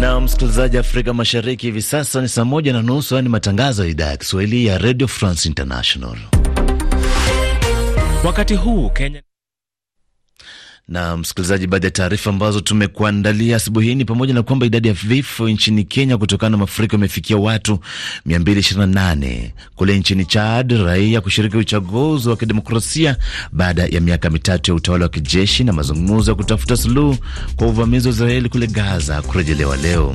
Na msikilizaji, Afrika Mashariki hivi sasa ni saa moja na nusu. Haya ni matangazo ya idhaa ya Kiswahili ya Radio France International. Wakati huu Kenya na msikilizaji, baadhi ya taarifa ambazo tumekuandalia asubuhi hii ni pamoja na kwamba idadi ya vifo nchini Kenya kutokana na mafuriko imefikia watu 228. Kule nchini Chad, raia kushiriki uchaguzi wa kidemokrasia baada ya miaka mitatu ya utawala wa kijeshi na mazungumzo ya kutafuta suluhu kwa uvamizi wa Israeli kule Gaza kurejelewa leo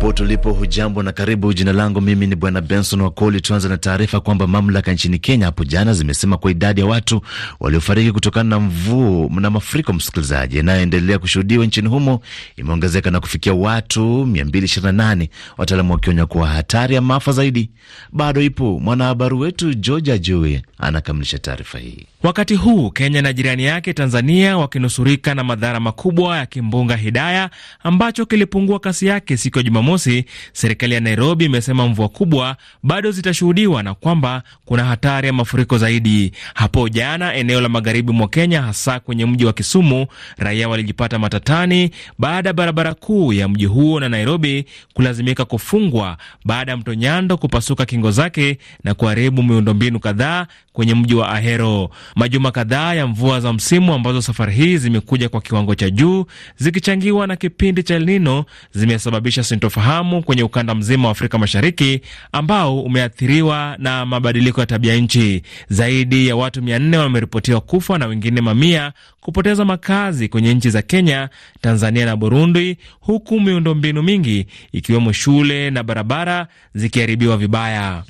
popote ulipo, hujambo na karibu. Jina langu mimi ni Bwana Benson Wakoli. Tuanza na taarifa kwamba mamlaka nchini Kenya hapo jana zimesema kwa idadi ya watu waliofariki kutokana na mvua na mafuriko, msikilizaji, yanayoendelea kushuhudiwa nchini humo imeongezeka na kufikia watu 228, wataalamu wakionya kuwa hatari ya maafa zaidi bado ipo. Mwanahabari wetu Georgia Joe anakamilisha taarifa hii. Wakati huu Kenya na jirani yake Tanzania wakinusurika na madhara makubwa ya kimbunga Hidaya ambacho kilipungua kasi yake siku ya Jumamosi Jumamosi, serikali ya Nairobi imesema mvua kubwa bado zitashuhudiwa na kwamba kuna hatari ya mafuriko zaidi. Hapo jana, eneo la magharibi mwa Kenya, hasa kwenye mji wa Kisumu, raia walijipata matatani baada ya barabara kuu ya mji huo na Nairobi kulazimika kufungwa baada ya mto Nyando kupasuka kingo zake na kuharibu miundombinu kadhaa kwenye mji wa Ahero. Majuma kadhaa ya mvua za msimu ambazo safari hii zimekuja kwa kiwango cha juu zikichangiwa na kipindi cha El Nino zimesababisha sintofa ufahamu kwenye ukanda mzima wa Afrika Mashariki ambao umeathiriwa na mabadiliko ya tabia nchi. Zaidi ya watu mia nne wameripotiwa kufa na wengine mamia kupoteza makazi kwenye nchi za Kenya, Tanzania na Burundi, huku miundombinu mingi ikiwemo shule na barabara zikiharibiwa vibaya.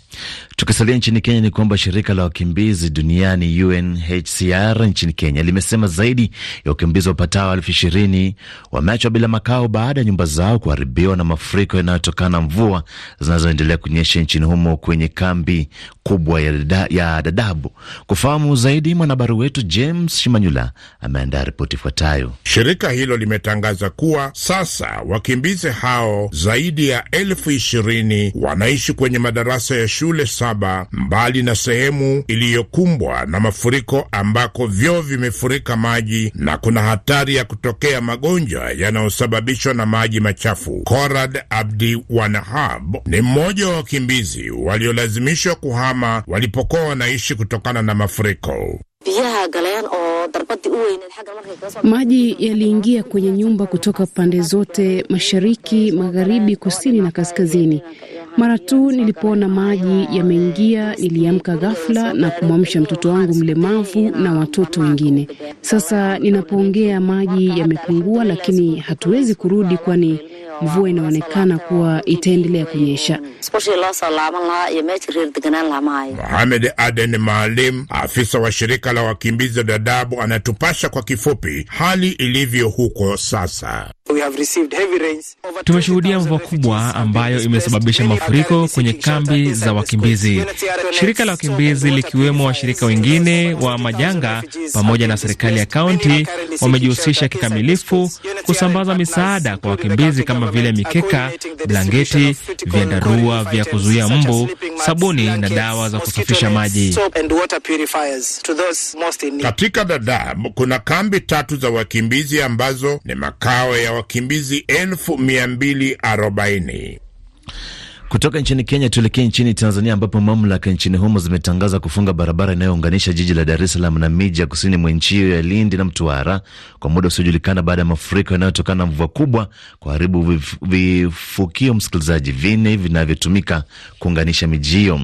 Tukisalia nchini Kenya, ni kwamba shirika la wakimbizi duniani UNHCR nchini Kenya limesema zaidi ya wakimbizi wapatao elfu ishirini wameachwa bila makao baada ya nyumba zao kuharibiwa na mafuriko mafuriko yanayotokana mvua zinazoendelea kunyesha nchini humo kwenye kambi makubwa ya, dada, ya Dadabu. Kufahamu zaidi, mwanahabari wetu James Shimanyula ameandaa ripoti ifuatayo. Shirika hilo limetangaza kuwa sasa wakimbizi hao zaidi ya elfu ishirini wanaishi kwenye madarasa ya shule saba mbali na sehemu iliyokumbwa na mafuriko ambako vyoo vimefurika maji na kuna hatari ya kutokea magonjwa yanayosababishwa na maji machafu. Korad Abdi Wanahab ni mmoja wa wakimbizi waliolazimishwa kuhama Kahama walipokuwa wanaishi kutokana na mafuriko. Maji yaliingia kwenye nyumba kutoka pande zote, mashariki, magharibi, kusini na kaskazini. Mara tu nilipoona maji yameingia, niliamka ghafla na kumwamsha mtoto wangu mlemavu na watoto wengine. Sasa ninapoongea, maji yamepungua, lakini hatuwezi kurudi, kwani mvua inaonekana kuwa itaendelea kunyesha. Mohamed Aden Maalim, afisa wa shirika la wakimbizi wa Dadabu, anatupasha kwa kifupi hali ilivyo huko sasa. Tumeshuhudia mvua kubwa ambayo imesababisha mafuriko kwenye kambi za wakimbizi. Shirika la wakimbizi likiwemo washirika wengine wa majanga pamoja na serikali ya kaunti wamejihusisha kikamilifu kusambaza misaada kwa wakimbizi kama vile mikeka, blangeti, vyandarua vya kuzuia mbu, sabuni na dawa za kusafisha maji. Katika Dadaab kuna kambi tatu za wakimbizi ambazo ni makao ya wakimbizi elfu mia mbili arobaini. Kutoka nchini Kenya tuelekee nchini Tanzania, ambapo mamlaka nchini humo zimetangaza kufunga barabara inayounganisha jiji la Dar es Salaam na miji ya kusini mwa nchi hiyo ya Lindi na Mtwara kwa muda usiojulikana baada ya mafuriko yanayotokana na mvua kubwa kuharibu vifukio, msikilizaji, vine vinavyotumika kuunganisha miji hiyo.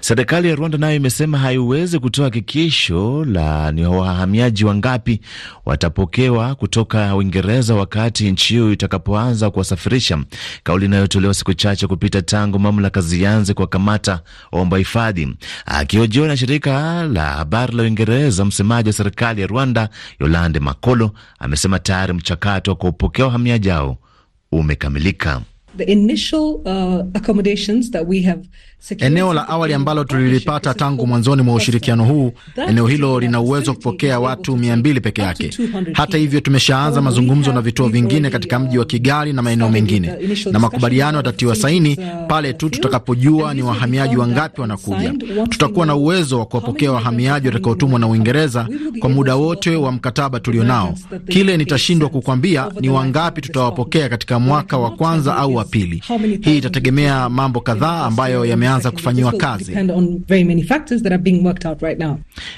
Serikali ya Rwanda nayo imesema haiwezi kutoa hakikisho la ni wahamiaji wangapi watapokewa kutoka Uingereza wakati nchi hiyo itakapoanza kuwasafirisha, kauli inayotolewa siku chache kupita sita tangu mamlaka zianze kwa kamata waomba hifadhi. Akihojiwa na shirika la habari la Uingereza, msemaji wa serikali ya Rwanda Yolande Makolo amesema tayari mchakato wa kuwapokea wahamiaji hao umekamilika. The initial, uh, accommodations that we have Eneo la awali ambalo tulilipata tangu mwanzoni mwa ushirikiano huu, eneo hilo lina uwezo wa kupokea watu 200 peke yake. Hata hivyo, tumeshaanza mazungumzo na vituo vingine katika mji wa Kigali na maeneo mengine, na makubaliano yatatiwa saini uh, pale tu tutakapojua ni wahamiaji wangapi wanakuja. Tutakuwa na uwezo wa kuwapokea wahamiaji watakaotumwa na Uingereza kwa muda wote wa mkataba tulionao. Kile nitashindwa kukwambia ni wangapi tutawapokea katika mwaka wa kwanza au wa pili. Hii itategemea mambo kadhaa ambayo yame zimeanza kufanyiwa kazi.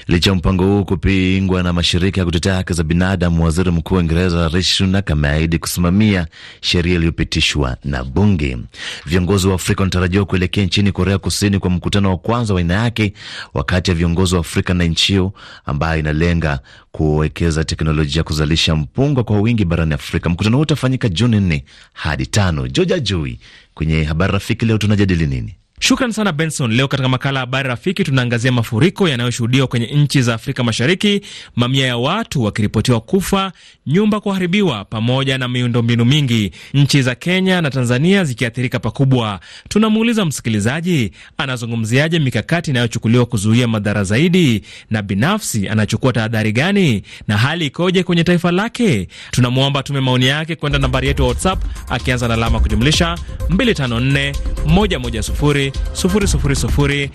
Licha ya mpango huu kupingwa na mashirika ya kutetea haki za binadamu, waziri mkuu wa Uingereza Rishi Sunak ameahidi kusimamia sheria iliyopitishwa na bunge. Viongozi wa Afrika wanatarajiwa kuelekea nchini Korea Kusini kwa mkutano wa kwanza wa aina yake wakati ya viongozi wa Afrika na nchi hiyo ambayo inalenga kuwekeza teknolojia ya kuzalisha mpunga kwa wingi barani Afrika. Mkutano huo utafanyika Juni nne hadi tano. Joja Jui, kwenye habari rafiki leo tunajadili nini? Shukran sana Benson. Leo katika makala ya habari rafiki, tunaangazia mafuriko yanayoshuhudiwa kwenye nchi za Afrika Mashariki, mamia ya watu wakiripotiwa kufa, nyumba kuharibiwa, pamoja na miundombinu mingi, nchi za Kenya na Tanzania zikiathirika pakubwa. Tunamuuliza msikilizaji anazungumziaje mikakati inayochukuliwa kuzuia madhara zaidi, na binafsi anachukua tahadhari gani, na hali ikoje kwenye taifa lake? Tunamwomba tume maoni yake kwenda nambari yetu ya WhatsApp akianza na alama kujumlisha 254 110 000 420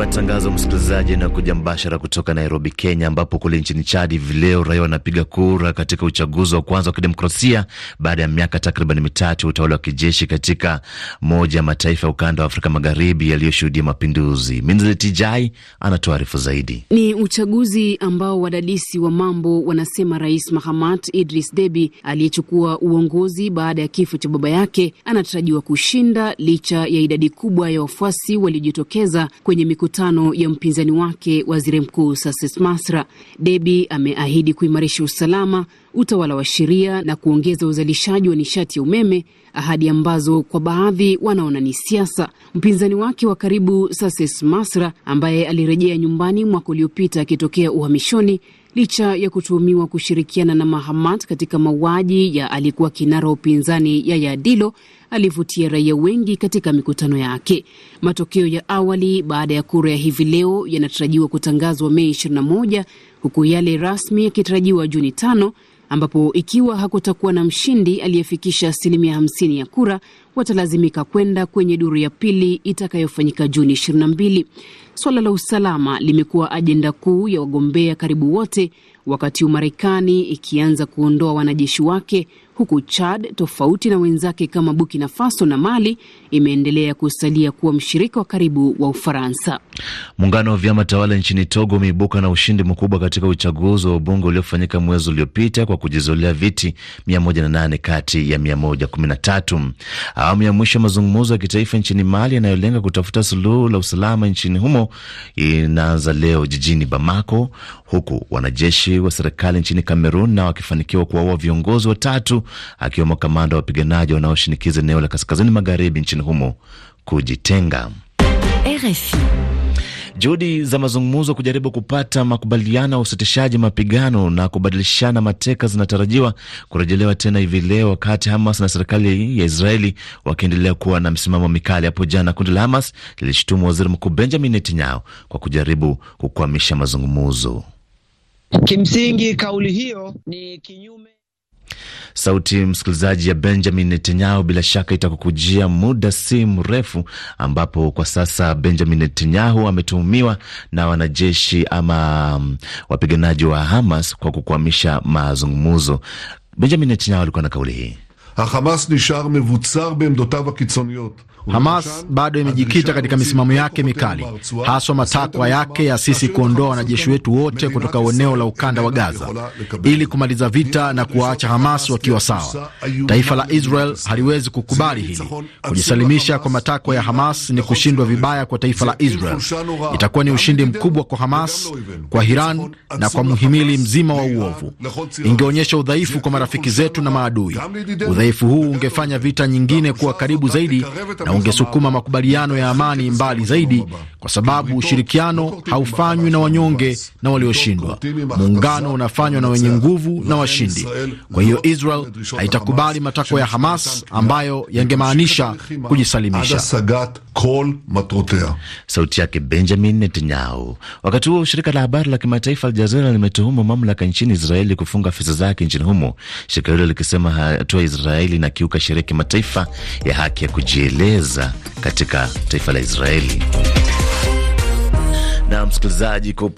matangazo msikilizaji, na kuja mbashara kutoka Nairobi, Kenya, ambapo kule nchini Chad hivi leo raia wanapiga kura katika uchaguzi wa kwanza wa kidemokrasia baada ya miaka takriban mitatu ya utawala wa kijeshi katika moja ya mataifa ya ukanda wa Afrika Magharibi yaliyoshuhudia mapinduzi. Minzletijai anatuarifu zaidi. Ni uchaguzi ambao wadadisi wa mambo wanasema Rais Mahamat Idris Debi aliyechukua uongozi baada ya kifo cha baba yake anatarajiwa kushinda licha ya idadi kubwa ya wafuasi waliojitokeza kwenye mikutano mikutano ya mpinzani wake waziri mkuu Sases Masra, Debi ameahidi kuimarisha usalama, utawala wa sheria na kuongeza uzalishaji wa nishati ya umeme, ahadi ambazo kwa baadhi wanaona ni siasa. Mpinzani wake wa karibu Sases Masra, ambaye alirejea nyumbani mwaka uliopita akitokea uhamishoni licha ya kutuhumiwa kushirikiana na Mahamat katika mauaji ya aliyekuwa kinara upinzani Yahya Dillo, alivutia raia wengi katika mikutano yake. Matokeo ya awali baada ya kura ya hivi leo yanatarajiwa kutangazwa Mei 21 huku yale rasmi yakitarajiwa Juni tano ambapo ikiwa hakutakuwa na mshindi aliyefikisha asilimia 50 ya kura watalazimika kwenda kwenye duru ya pili itakayofanyika Juni 22. Suala la usalama limekuwa ajenda kuu ya wagombea karibu wote, wakati Umarekani ikianza kuondoa wanajeshi wake, huku Chad, tofauti na wenzake kama Burkina Faso na Mali, imeendelea kusalia kuwa mshirika wa karibu wa Ufaransa. Muungano wa vyama tawala nchini Togo umeibuka na ushindi mkubwa katika uchaguzi wa ubunge uliofanyika mwezi uliopita kwa kujizolea viti 108 kati ya 113. Awamu ya mwisho ya mazungumzo ya kitaifa nchini Mali yanayolenga kutafuta suluhu la usalama nchini humo inaanza leo jijini Bamako, huku wanajeshi wa serikali nchini Kamerun nao wakifanikiwa kuwaua viongozi watatu akiwemo kamanda wa wapiganaji wanaoshinikiza eneo la kaskazini magharibi nchini humo kujitenga. RFI. Juhudi za mazungumzo kujaribu kupata makubaliano ya usitishaji mapigano na kubadilishana mateka zinatarajiwa kurejelewa tena hivi leo, wakati Hamas na serikali ya Israeli wakiendelea kuwa na msimamo mikali. Hapo jana kundi la Hamas lilishutumu waziri mkuu Benjamin Netanyahu kwa kujaribu kukwamisha mazungumzo. Kimsingi kauli hiyo ni kinyume Sauti msikilizaji ya Benjamin Netanyahu bila shaka itakukujia muda si mrefu, ambapo kwa sasa Benjamin Netanyahu ametuhumiwa na wanajeshi ama mm, wapiganaji wa Hamas kwa kukwamisha mazungumzo. Benjamin Netanyahu alikuwa na kauli hii: Hamas nishar mevutsar beemdotav akitzoniyot Hamas bado imejikita katika misimamo yake mikali, haswa matakwa yake ya sisi kuondoa wanajeshi wetu wote kutoka eneo la ukanda wa Gaza ili kumaliza vita na kuwaacha Hamas wakiwa sawa. Taifa la Israel haliwezi kukubali hili. Kujisalimisha kwa matakwa ya Hamas ni kushindwa vibaya kwa taifa la Israel. Itakuwa ni ushindi mkubwa kwa Hamas, kwa Iran na kwa mhimili mzima wa uovu. Ingeonyesha udhaifu kwa marafiki zetu na maadui. Udhaifu huu ungefanya vita nyingine kuwa karibu zaidi na ungesukuma makubaliano ya amani mbali zaidi, kwa sababu ushirikiano haufanywi na wanyonge na walioshindwa. Muungano unafanywa na wenye nguvu na washindi. Kwa hiyo Israel haitakubali matakwa ya Hamas ambayo yangemaanisha kujisalimisha kol matotea. Sauti yake Benjamin Netanyahu. Wakati huo shirika la habari la kimataifa Al Jazeera limetuhumu mamlaka nchini Israeli kufunga afisa zake nchini humo, shirika hilo likisema hatua Israeli inakiuka sheria ya kimataifa ya haki ya kujieleza katika taifa la Israeli na msikilizaji kwa